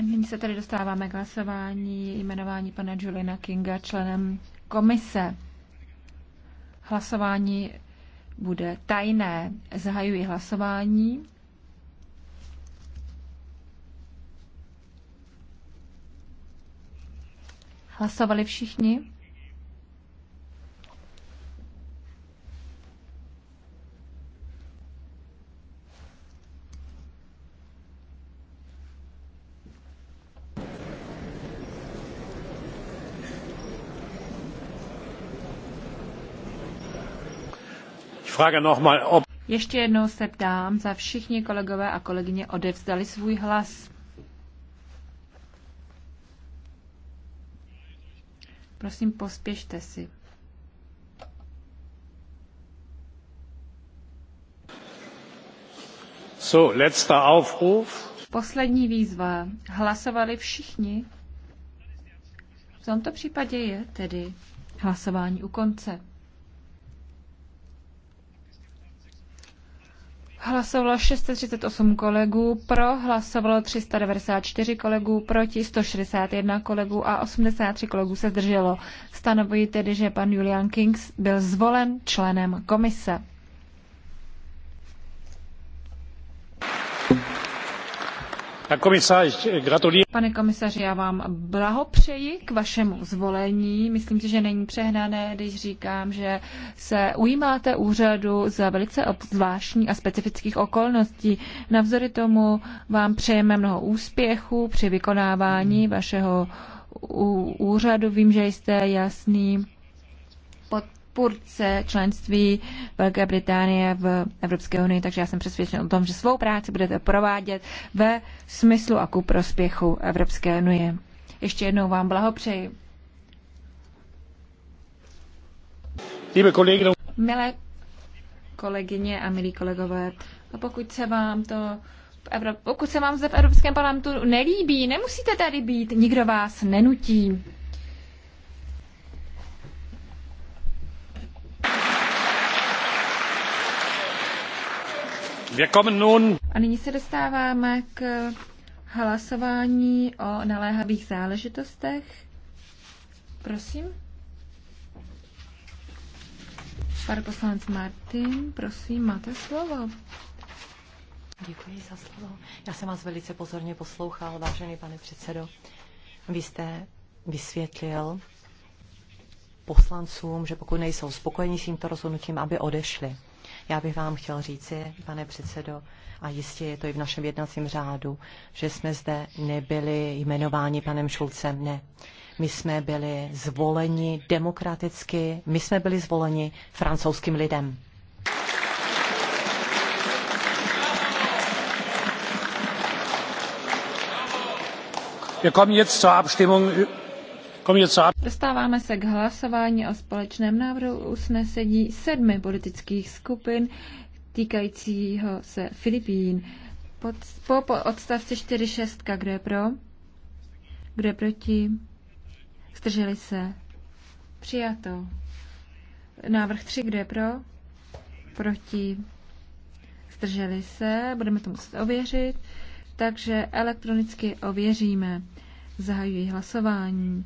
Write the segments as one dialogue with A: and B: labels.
A: Nyní se tady dostáváme k hlasování jmenování pana Juliana Kinga členem komise. Hlasování bude tajné. Zahajuji hlasování. Hlasovali všichni? Ještě jednou se ptám, za všichni kolegové a kolegyně odevzdali svůj hlas. Prosím, pospěšte si.
B: So, letzter Aufruf.
A: Poslední výzva. Hlasovali všichni? V tomto případě je tedy hlasování u konce. Hlasovalo 638 kolegů, pro hlasovalo 394 kolegů, proti 161 kolegů a 83 kolegů se zdrželo. Stanovuji tedy, že pan Julian Kings byl zvolen členem komise. Pane komisaři, já vám blahopřeji k vašemu zvolení. Myslím si, že není přehnané, když říkám, že se ujímáte úřadu za velice zvláštní a specifických okolností. Navzory tomu vám přejeme mnoho úspěchů při vykonávání vašeho úřadu. Vím, že jste jasný pod odpůrce členství Velké Británie v Evropské unii, takže já jsem přesvědčen o tom, že svou práci budete provádět ve smyslu a ku prospěchu Evropské unie. Ještě jednou vám blahopřeji. Milé kolegyně a milí kolegové, a pokud se vám to pokud se vám zde v Evropském parlamentu nelíbí, nemusíte tady být, nikdo vás nenutí. A nyní se dostáváme k hlasování o naléhavých záležitostech. Prosím. Pan poslanec Martin, prosím, máte slovo.
C: Děkuji za slovo. Já jsem vás velice pozorně poslouchal, vážený pane předsedo. Vy jste vysvětlil poslancům, že pokud nejsou spokojeni s tímto rozhodnutím, aby odešli. Já bych vám chtěl říci, pane předsedo, a jistě je to i v našem jednacím řádu, že jsme zde nebyli jmenováni panem Šulcem. Ne. My jsme byli zvoleni demokraticky, my jsme byli zvoleni francouzským lidem.
A: Wir kommen jetzt zur Abstimmung Dostáváme se k hlasování o společném návrhu usnesení sedmi politických skupin týkajícího se Filipín. Pod, po, po odstavci 4.6. Kdo je pro? Kdo je proti? Zdrželi se? Přijato. Návrh 3. Kdo je pro? Proti? Zdrželi se? Budeme to muset ověřit. Takže elektronicky ověříme. Zahajuji hlasování.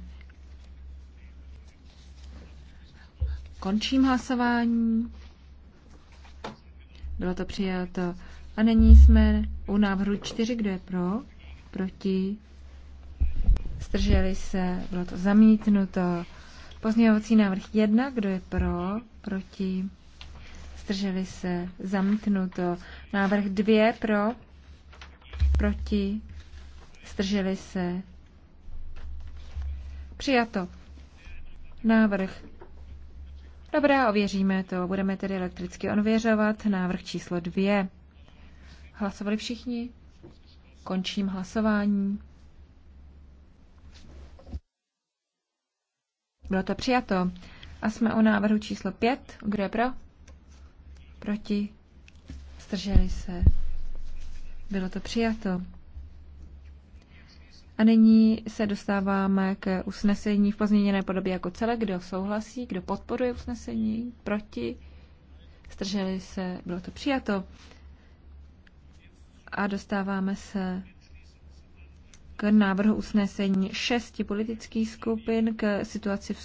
A: Končím hlasování. Bylo to přijato. A nyní jsme u návrhu 4, kdo je pro, proti, strželi se, bylo to zamítnuto. Pozměňovací návrh 1, kdo je pro, proti, strželi se, zamítnuto. Návrh 2 pro, proti, strželi se, přijato. Návrh Dobrá, ověříme to. Budeme tedy elektricky ověřovat návrh číslo dvě. Hlasovali všichni? Končím hlasování. Bylo to přijato. A jsme u návrhu číslo 5. Kdo je pro? Proti? Zdrželi se. Bylo to přijato. A nyní se dostáváme k usnesení v pozměněné podobě jako celé. Kdo souhlasí, kdo podporuje usnesení, proti, strželi se, bylo to přijato. A dostáváme se k návrhu usnesení šesti politických skupin k situaci v,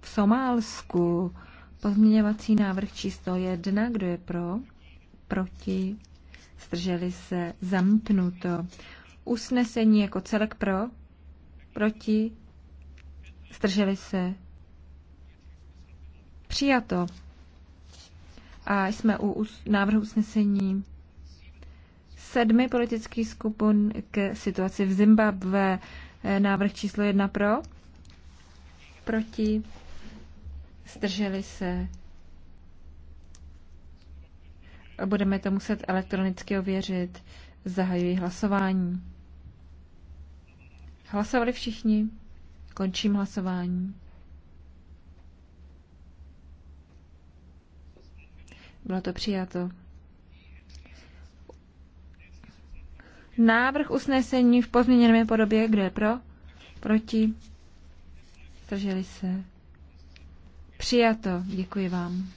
A: v Somálsku. Pozměňovací návrh číslo jedna, kdo je pro, proti, strželi se, zamknuto. Usnesení jako celek pro, proti, zdrželi se. Přijato. A jsme u návrhu usnesení sedmi politických skupin k situaci v Zimbabve. E, návrh číslo jedna pro, proti, zdrželi se. Budeme to muset elektronicky ověřit. Zahajuji hlasování. Hlasovali všichni? Končím hlasování. Bylo to přijato. Návrh usnesení v pozměněné podobě, kdo je pro? Proti? Zdrželi se. Přijato. Děkuji vám.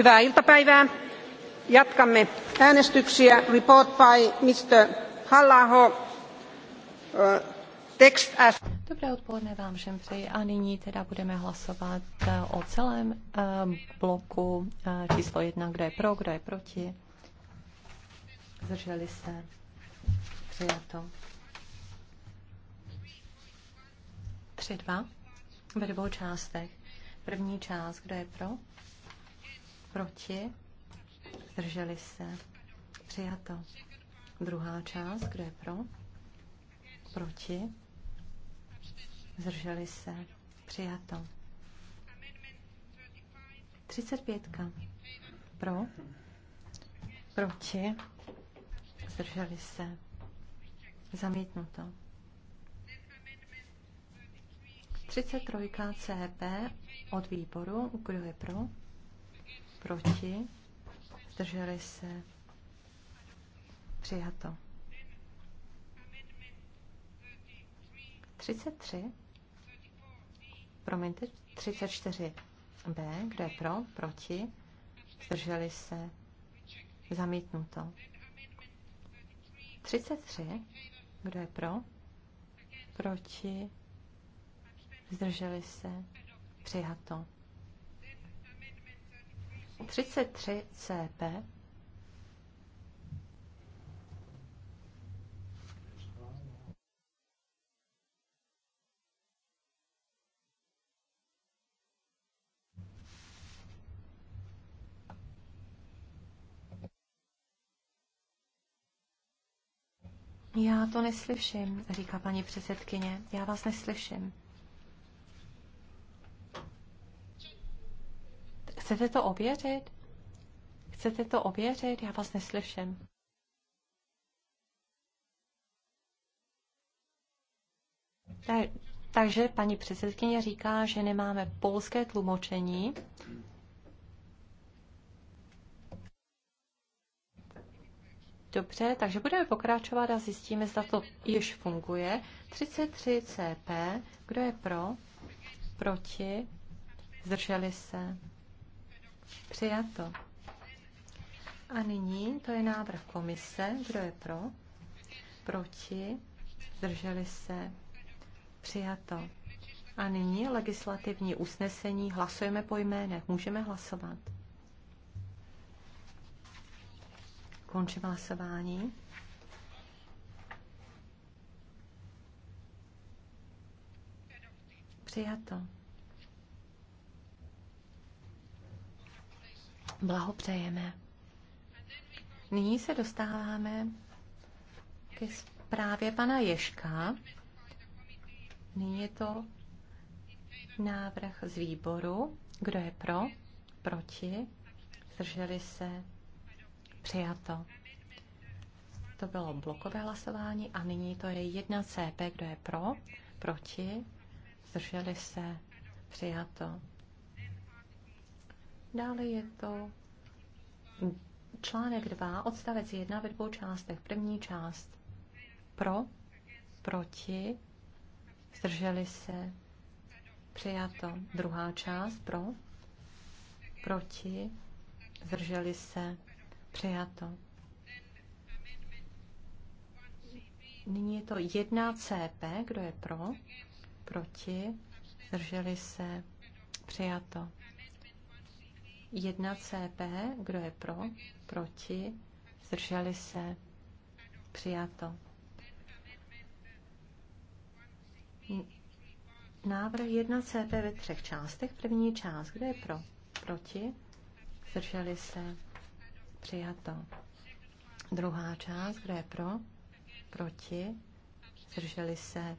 A: Hyvää iltapäivää.
C: Jatkamme äänestyksiä. Report by Mr. Hallaho. Text as... Dobré odpoledne vám všem přeji a nyní teda budeme hlasovat e, o celém e, bloku e, číslo jedna, kdo je pro, kdo je proti. Zdrželi se. Přijato. 3-2 ve dvou částech. První část, kdo je pro? Proti? Zdrželi se? Přijato. Druhá část, kdo je pro? Proti? Zdrželi se? Přijato. 35. Pro? Proti? Zdrželi se? Zamítnuto. 33. CP od výboru. Kdo je pro? proti, zdrželi se, přijato. 33, promiňte, 34b, kde je pro, proti, zdrželi se, zamítnuto. 33, kdo je pro, proti, zdrželi se, přijato. 33 CP Já to neslyším, říká paní předsedkyně. Já vás neslyším. Chcete to ověřit? Chcete to ověřit? Já vás neslyším. Tak, takže paní předsedkyně říká, že nemáme polské tlumočení. Dobře, takže budeme pokračovat a zjistíme, zda to již funguje. 33 CP, kdo je pro? Proti? Zdrželi se? Přijato. A nyní to je návrh komise. Kdo je pro? Proti? Zdrželi se? Přijato. A nyní legislativní usnesení. Hlasujeme po jménech. Můžeme hlasovat. Končím hlasování. Přijato. Blahopřejeme. Nyní se dostáváme ke zprávě pana Ješka. Nyní je to návrh z výboru. Kdo je pro? Proti? Zdrželi se? Přijato. To bylo blokové hlasování a nyní to je jedna CP. Kdo je pro? Proti? Zdrželi se? Přijato. Dále je to článek 2, odstavec 1 ve dvou částech. První část pro, proti, zdrželi se, přijato. Druhá část pro, proti, zdrželi se, přijato. Nyní je to 1 CP, kdo je pro, proti, zdrželi se, přijato. 1 CP, kdo je pro, proti, zdrželi se, přijato. Návrh 1 CP ve třech částech. První část, kdo je pro, proti, zdrželi se, přijato. Druhá část, kdo je pro, proti, zdrželi se,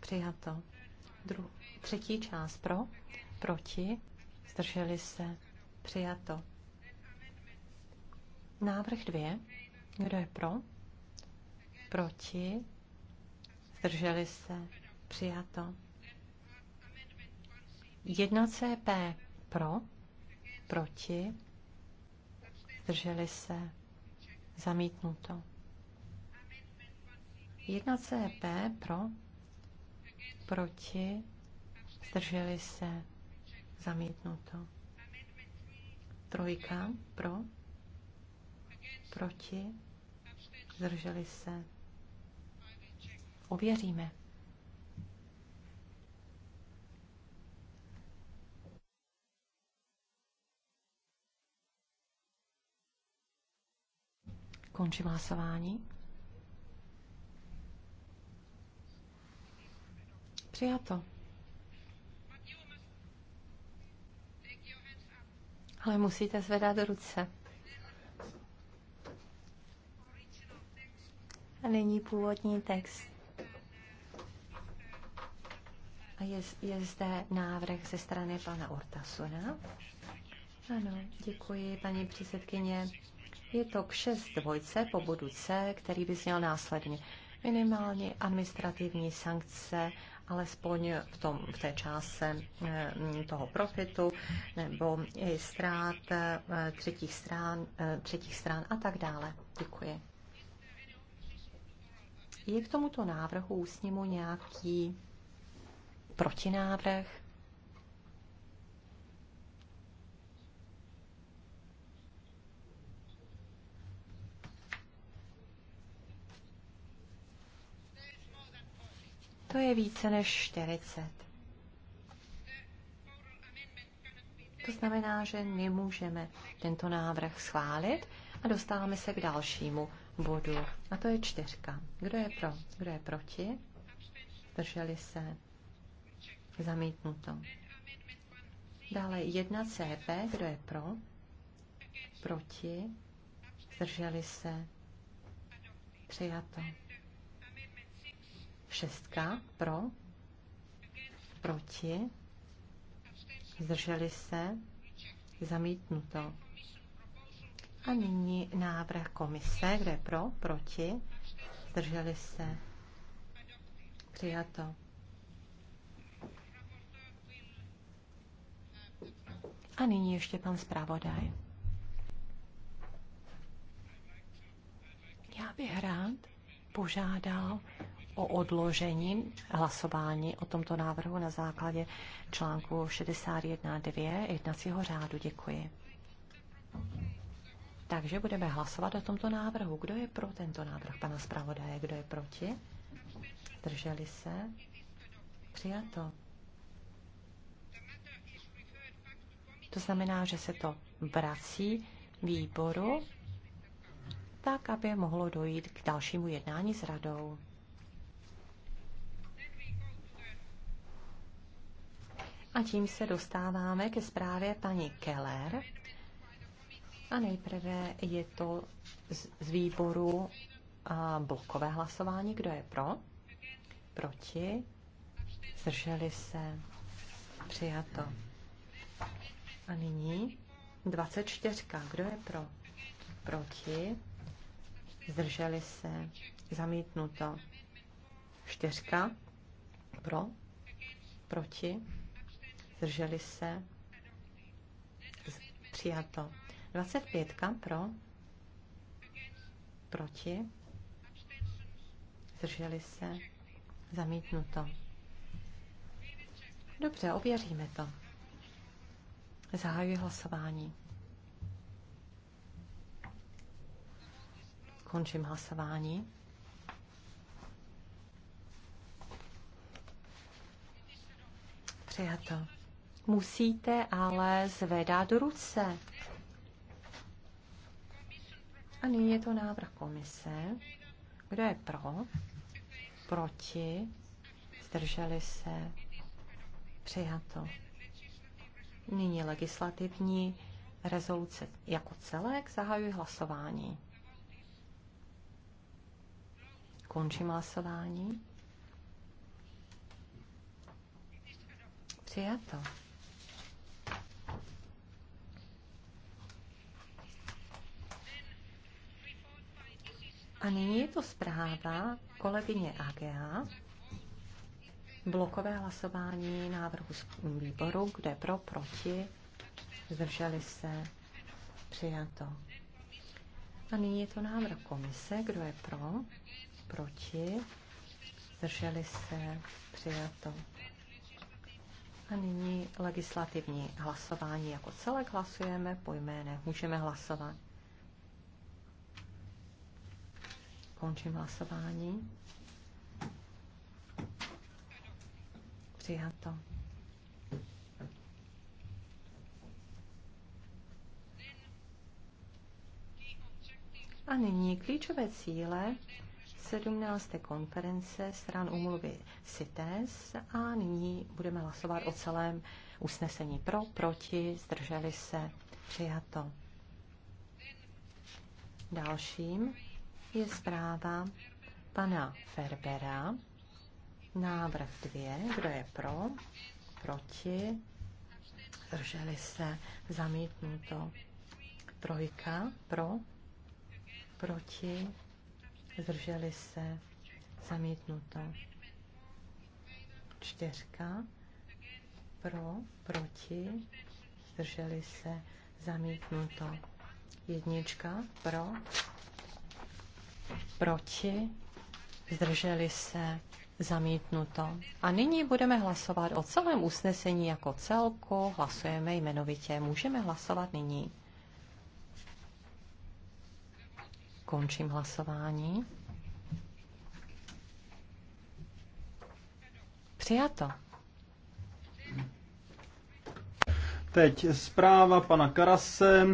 C: přijato. Dru- třetí část pro, proti, zdrželi se, Přijato. Návrh dvě. Kdo je pro? Proti? Zdrželi se? Přijato. Jedna CP pro? Proti? Zdrželi se? Zamítnuto. Jedna CP pro? Proti? Zdrželi se? Zamítnuto. Trojka pro, proti, zdrželi se. Ověříme. Končím hlasování. Přijato. Ale musíte zvedat ruce. A nyní původní text. A je, je zde návrh ze strany pana Ortasuna. Ano, děkuji, paní předsedkyně. Je to k šest dvojce po bodu C, který by zněl následně minimální administrativní sankce alespoň v, tom, v té čase eh, toho profitu nebo i ztrát eh, eh, třetích stran, třetích strán a tak dále. Děkuji. Je k tomuto návrhu ústnímu nějaký protinávrh? To je více než 40. To znamená, že nemůžeme tento návrh schválit a dostáváme se k dalšímu bodu. A to je čtyřka. Kdo je pro? Kdo je proti? Drželi se. Zamítnuto. Dále jedna CP. Kdo je pro? Proti? Zdrželi se. Přijato. Šestka pro, proti, zdrželi se, zamítnuto. A nyní návrh komise, kde pro, proti, zdrželi se, přijato. A nyní ještě pan zpravodaj. Já bych rád požádal o odložení hlasování o tomto návrhu na základě článku 61.2 jednacího řádu. Děkuji. Takže budeme hlasovat o tomto návrhu. Kdo je pro tento návrh pana zpravodaje? Kdo je proti? Drželi se? Přijato. To znamená, že se to vrací výboru tak, aby mohlo dojít k dalšímu jednání s radou. A tím se dostáváme ke zprávě paní Keller. A nejprve je to z, z výboru a blokové hlasování. Kdo je pro? Proti? Zdrželi se? Přijato. A nyní 24. Kdo je pro? Proti? Zdrželi se? Zamítnuto. Čtyřka. Pro? Proti? zdrželi se, přijato. 25 pro, proti, zdrželi se, zamítnuto. Dobře, ověříme to. Zahajuji hlasování. Končím hlasování. Přijato. Musíte ale zvedat ruce. A nyní je to návrh komise. Kdo je pro? Proti? Zdrželi se? Přijato. Nyní legislativní rezoluce jako celek. Zahajuji hlasování. Končím hlasování. Přijato. A nyní je to zpráva kolegyně AGA. Blokové hlasování návrhu výboru, kde pro, proti, zdrželi se, přijato. A nyní je to návrh komise, kdo je pro, proti, zdrželi se, přijato. A nyní legislativní hlasování jako celek hlasujeme po jménech. Můžeme hlasovat. Končím hlasování. Přijato. A nyní klíčové cíle 17. konference stran umluvy CITES a nyní budeme hlasovat o celém usnesení pro, proti, zdrželi se, přijato. Dalším je zpráva pana Ferbera. Návrh dvě, kdo je pro, proti, zdrželi se, zamítnuto. Trojka, pro, proti, zdrželi se, zamítnuto. Čtyřka, pro, proti, zdrželi se, zamítnuto. Jednička, pro, proti, zdrželi se, zamítnuto. A nyní budeme hlasovat o celém usnesení jako celku, hlasujeme jmenovitě, můžeme hlasovat nyní. Končím hlasování.
D: Přijato. Teď zpráva pana Karase.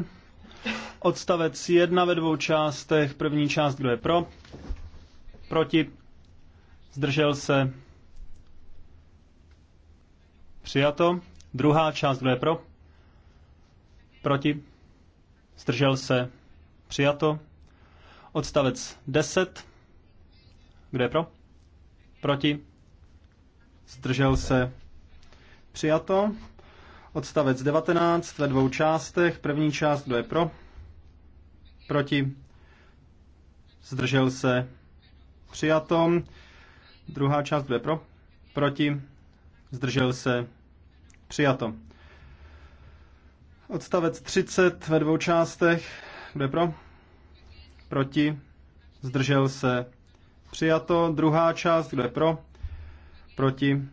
D: Odstavec 1 ve dvou částech. První část, kdo je pro? Proti? Zdržel se? Přijato. Druhá část, kdo je pro? Proti? Zdržel se? Přijato. Odstavec 10. Kdo je pro? Proti? Zdržel se? Přijato. Odstavec 19 ve dvou částech. První část, kdo je pro? Proti? Zdržel se? Přijato. Druhá část bude pro. Proti. Zdržel se. Přijato. Odstavec 30 ve dvou částech. Kde pro? Proti. Zdržel se. Přijato. Druhá část. Kde pro? Proti.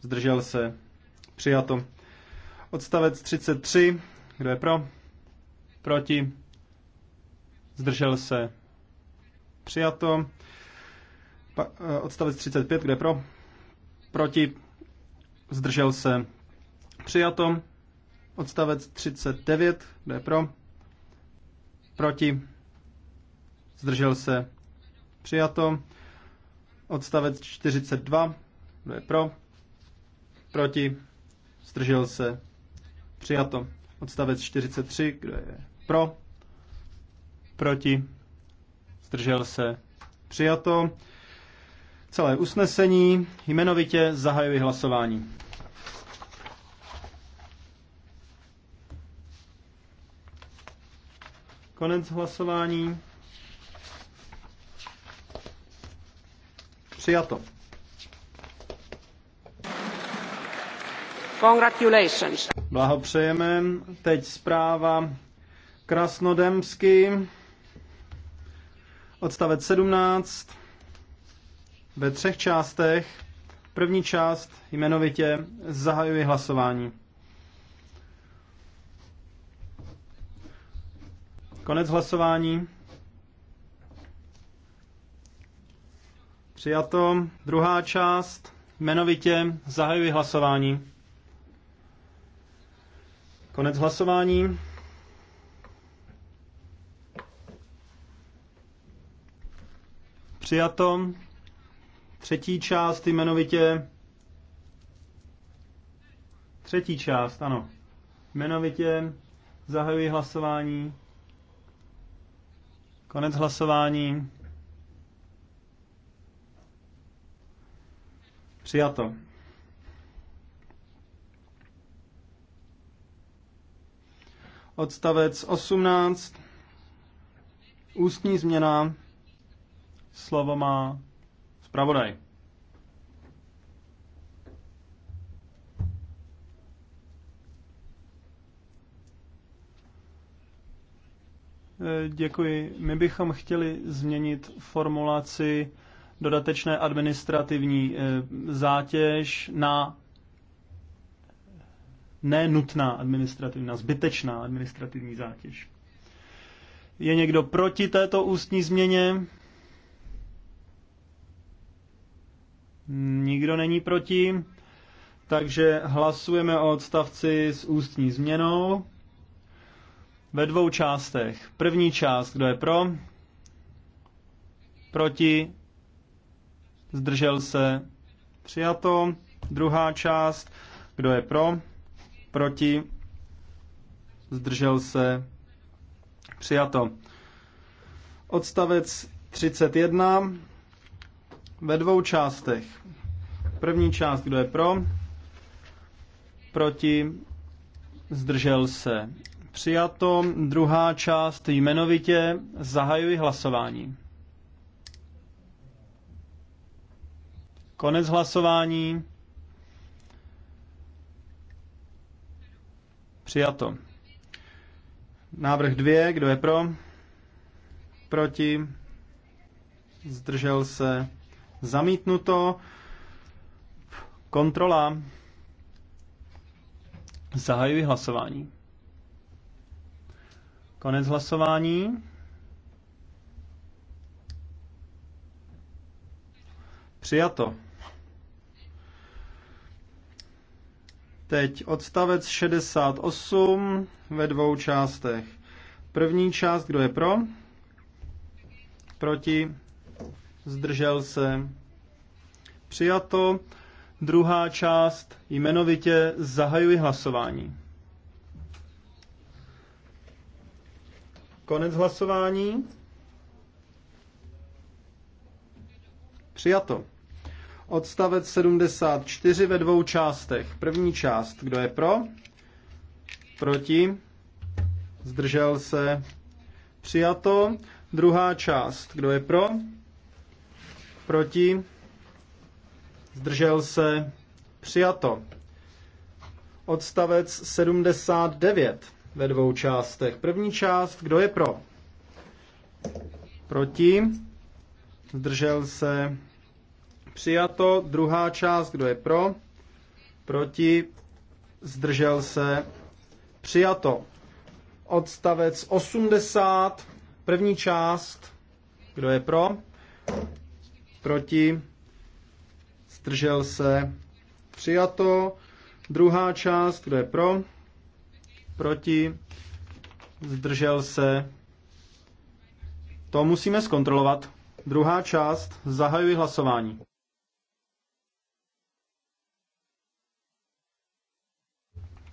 D: Zdržel se. Přijato. Odstavec 33. Kdo je pro? Proti. Zdržel se. Přijato. Eh, odstavec 35, kde pro? Proti? Zdržel se? Přijato. Odstavec 39, kde pro? Proti? Zdržel se? Přijato. Odstavec 42, kde je pro? Proti? Zdržel se? Přijato. Odstavec 43, kde je pro? Proti? Zdržel se? Přijato celé usnesení. Jmenovitě zahajuji hlasování. Konec hlasování. Přijato. Congratulations. Blahopřejeme. Teď zpráva Krasnodemsky. Odstavec 17 ve třech částech. První část jmenovitě zahajuji hlasování. Konec hlasování. Přijato. Druhá část. Jmenovitě zahajuji hlasování. Konec hlasování. Přijato. Třetí část jmenovitě. Třetí část, ano. Jmenovitě zahajuji hlasování. Konec hlasování. Přijato. Odstavec 18. Ústní změna. Slovo má Spravodaj. Eh, děkuji. My bychom chtěli změnit formulaci dodatečné administrativní eh, zátěž na nenutná administrativní, na zbytečná administrativní zátěž. Je někdo proti této ústní změně? Nikdo není proti, takže hlasujeme o odstavci s ústní změnou ve dvou částech. První část, kdo je pro, proti, zdržel se, přijato. Druhá část, kdo je pro, proti, zdržel se, přijato. Odstavec 31. Ve dvou částech. První část, kdo je pro, proti, zdržel se. Přijato. Druhá část jmenovitě zahajuji hlasování. Konec hlasování. Přijato. Návrh dvě, kdo je pro? Proti? Zdržel se? Zamítnuto. Kontrola. Zahajuji hlasování. Konec hlasování. Přijato. Teď odstavec 68 ve dvou částech. První část, kdo je pro? Proti? zdržel se. Přijato. Druhá část jmenovitě zahajuji hlasování. Konec hlasování. Přijato. Odstavec 74 ve dvou částech. První část, kdo je pro? Proti? Zdržel se? Přijato. Druhá část, kdo je pro? Proti? Zdržel se? Přijato. Odstavec 79 ve dvou částech. První část, kdo je pro? Proti? Zdržel se? Přijato. Druhá část, kdo je pro? Proti? Zdržel se? Přijato. Odstavec 80, první část, kdo je pro? proti, zdržel se, přijato. Druhá část, kdo je pro, proti, zdržel se. To musíme zkontrolovat. Druhá část, zahajuji hlasování.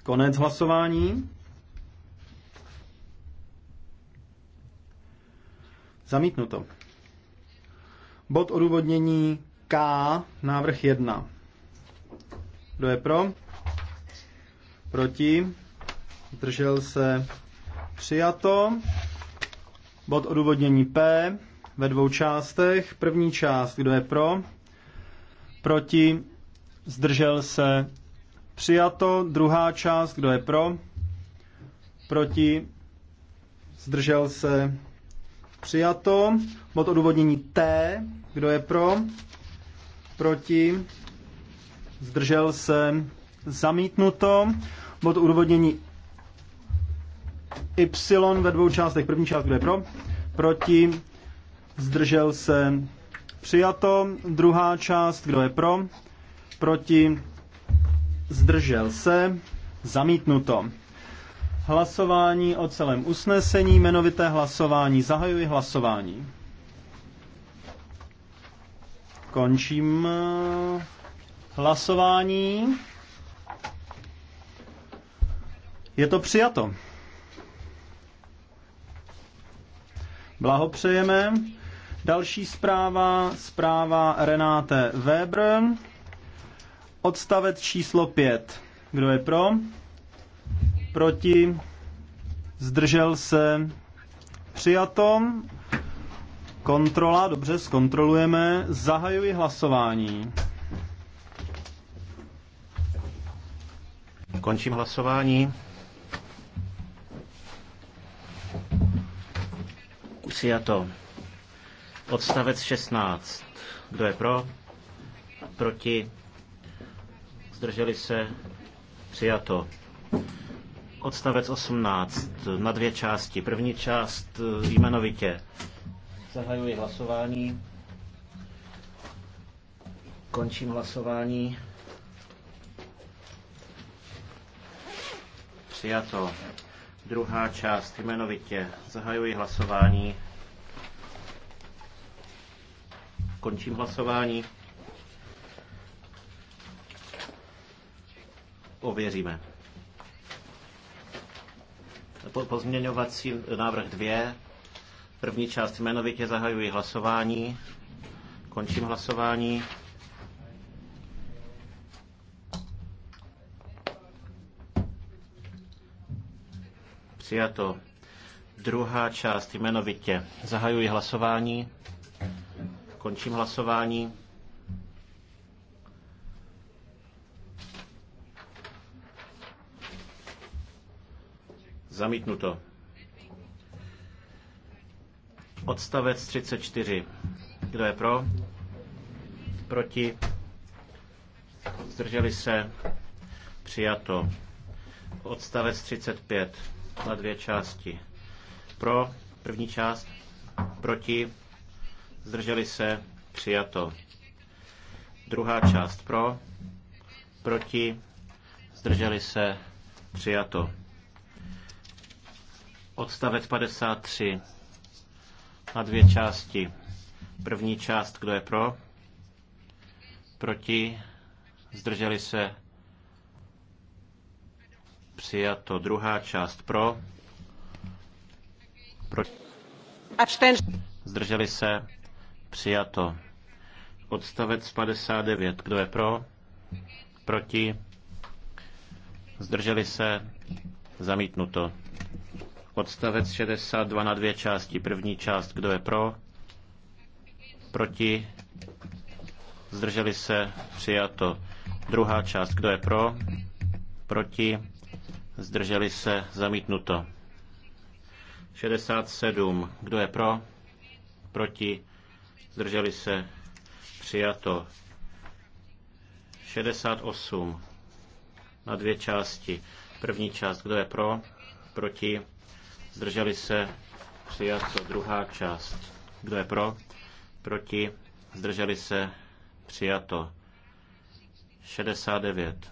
D: Konec hlasování. Zamítnuto. Bod odůvodnění K, návrh 1. Kdo je pro? Proti? Držel se? Přijato. Bod odůvodnění P ve dvou částech. První část, kdo je pro? Proti? Zdržel se? Přijato. Druhá část, kdo je pro? Proti? Zdržel se? Přijato. Bod odůvodnění T. Kdo je pro? Proti? Zdržel se? Zamítnuto. Bod odůvodnění Y ve dvou částech. První část, kdo je pro? Proti? Zdržel se? Přijato. Druhá část, kdo je pro? Proti? Zdržel se? Zamítnuto hlasování o celém usnesení, jmenovité hlasování. Zahajuji hlasování. Končím eh, hlasování. Je to přijato. Blahopřejeme. Další zpráva, zpráva Renáte Weber. Odstavec číslo 5. Kdo je pro? proti, zdržel se, přijato, kontrola, dobře, zkontrolujeme, zahajuji hlasování.
B: Končím hlasování. Přijato. Odstavec 16. Kdo je pro? Proti? Zdrželi se? Přijato. Odstavec 18 na dvě části. První část eh, jmenovitě. Zahajuji hlasování. Končím hlasování. Přijato. Druhá část jmenovitě. Zahajuji hlasování. Končím hlasování. Ověříme. Pozměňovací návrh 2. První část jmenovitě zahajuji hlasování. Končím hlasování. Přijato. Druhá část jmenovitě. Zahajuji hlasování. Končím hlasování. Zamítnuto. Odstavec 34. Kdo je pro? Proti? Zdrželi se? Přijato. Odstavec 35. Na dvě části. Pro? První část. Proti? Zdrželi se? Přijato. Druhá část. Pro? Proti? Zdrželi se? Přijato. Odstavec 53 na dvě části. První část, kdo je pro? Proti? Zdrželi se? Přijato. Druhá část pro? Proti? Zdrželi se? Přijato. Odstavec 59. Kdo je pro? Proti? Zdrželi se? Zamítnuto. Odstavec 62 na dvě části. První část, kdo je pro? Proti? Zdrželi se? Přijato. Druhá část, kdo je pro? Proti? Zdrželi se? Zamítnuto. 67. Kdo je pro? Proti? Zdrželi se? Přijato. 68. Na dvě části. První část, kdo je pro? Proti? zdrželi se, přijato. Druhá část, kdo je pro, proti, zdrželi se, přijato. 69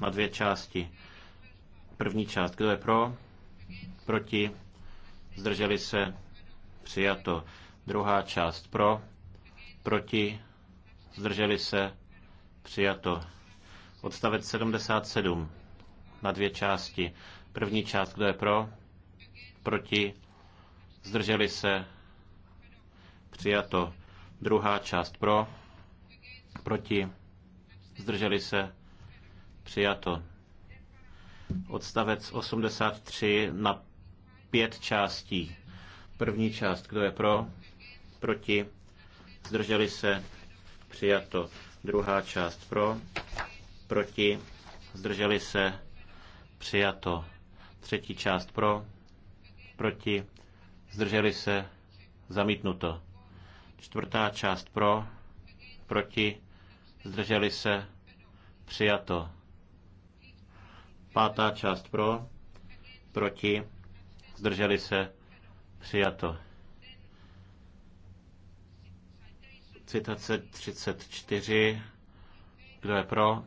B: na dvě části. První část, kdo je pro, proti, zdrželi se, přijato. Druhá část pro, proti, zdrželi se, přijato. Odstavec 77 na dvě části. První část, kdo je pro, proti, zdrželi se, přijato. Druhá část pro, proti, zdrželi se, přijato. Odstavec 83 na pět částí. První část, kdo je pro, proti, zdrželi se, přijato. Druhá část pro, proti, zdrželi se, přijato. Třetí část pro, proti, zdrželi se, zamítnuto. Čtvrtá část pro, proti, zdrželi se, přijato. Pátá část pro, proti, zdrželi se, přijato. Citace 34. Kdo je pro?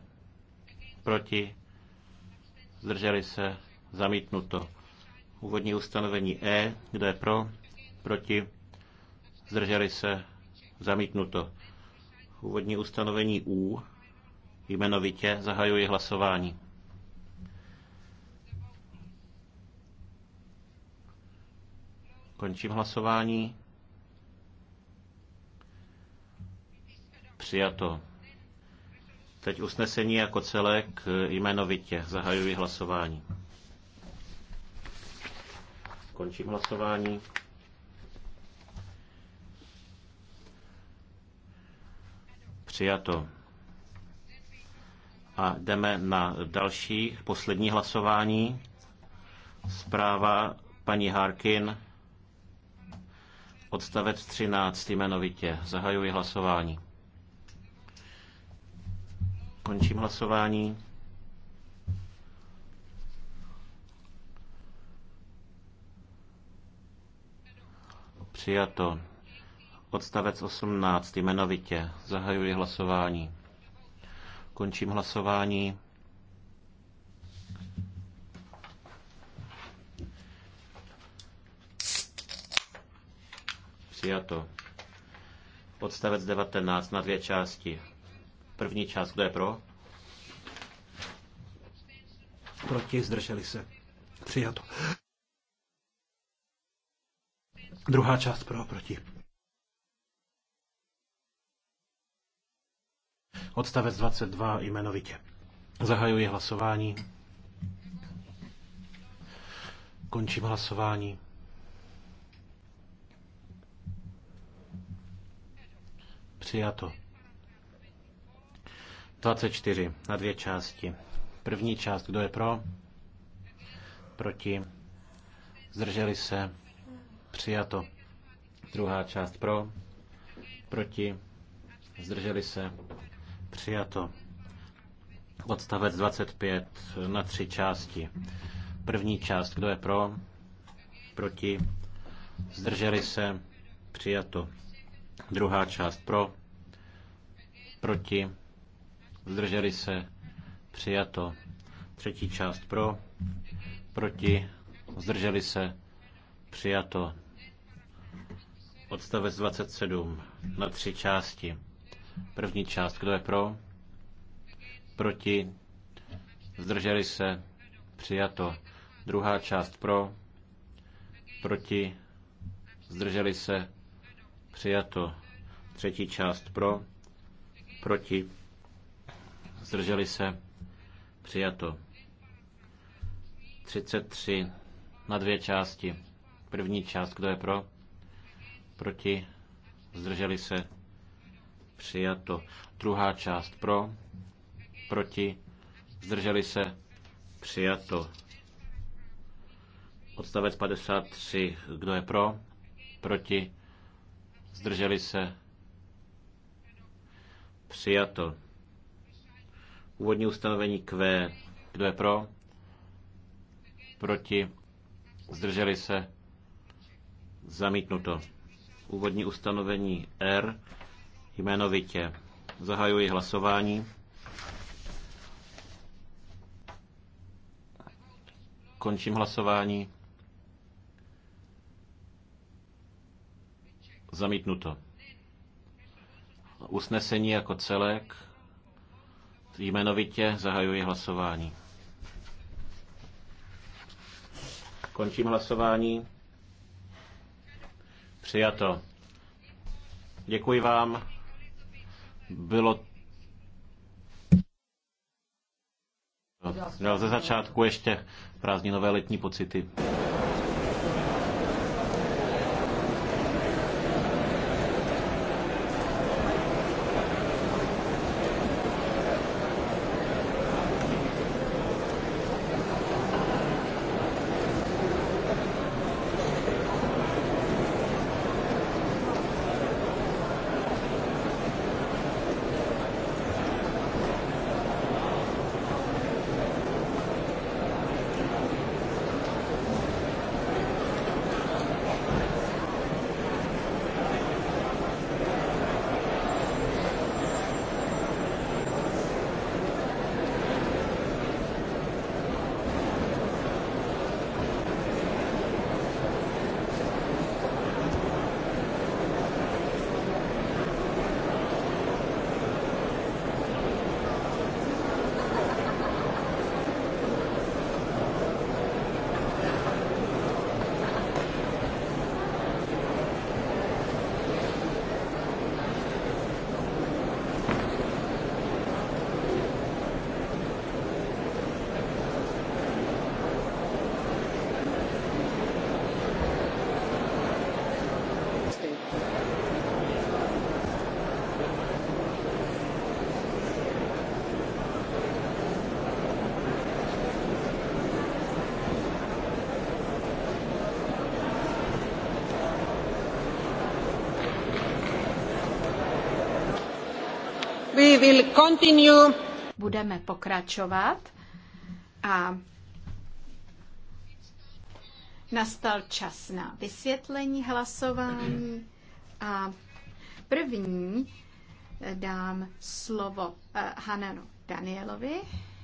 B: Proti? Zdrželi se? Zamítnuto. Úvodní ustanovení E. Kdo je pro? Proti? Zdrželi se? Zamítnuto. Úvodní ustanovení U. Jmenovitě zahajuji hlasování. Končím hlasování. Přijato. Teď usnesení jako celek jmenovitě. Zahajuji hlasování. Končím hlasování. Přijato. A jdeme na další, poslední hlasování. Zpráva paní Harkin, odstavec 13 jmenovitě. Zahajuji hlasování. Končím hlasování. Přijato. Odstavec 18. Jmenovitě. Zahajuji hlasování. Končím hlasování. Přijato. Odstavec 19 na dvě části. První část, kdo je pro? Proti, zdrželi se. Přijato. Druhá část pro a proti. Odstavec 22 jmenovitě. Zahajuji hlasování. Končím hlasování. Přijato. 24 na dvě části. První část, kdo je pro? Proti? Zdrželi se? Přijato. Druhá část pro, proti, zdrželi se, přijato. Odstavec 25 na tři části. První část, kdo je pro, proti, zdrželi se, přijato. Druhá část pro, proti, zdrželi se, přijato. Třetí část pro, proti, zdrželi se, přijato. Odstavec 27 na tři části. První část, kdo je pro? Proti? Zdrželi se? Přijato. Druhá část pro? Proti? Zdrželi se? Přijato. Třetí část pro? Proti? Zdrželi se? Přijato. 33 na dvě části. První část, kdo je pro? proti, zdrželi se, přijato. Druhá část pro, proti, zdrželi se, přijato. Odstavec 53, kdo je pro, proti, zdrželi se, přijato. Úvodní ustanovení Q, kdo je pro, proti, zdrželi se, zamítnuto úvodní ustanovení R jmenovitě. Zahajuji hlasování. Končím hlasování. Zamítnuto. Usnesení jako celek. Jmenovitě zahajuji hlasování. Končím hlasování. Přijato. Děkuji vám. Bylo Měl ze začátku ještě prázdninové letní pocity.
C: will
A: continue. Budeme pokračovat a nastal čas na vysvětlení hlasování a první dám slovo eh, Hananu Danielovi.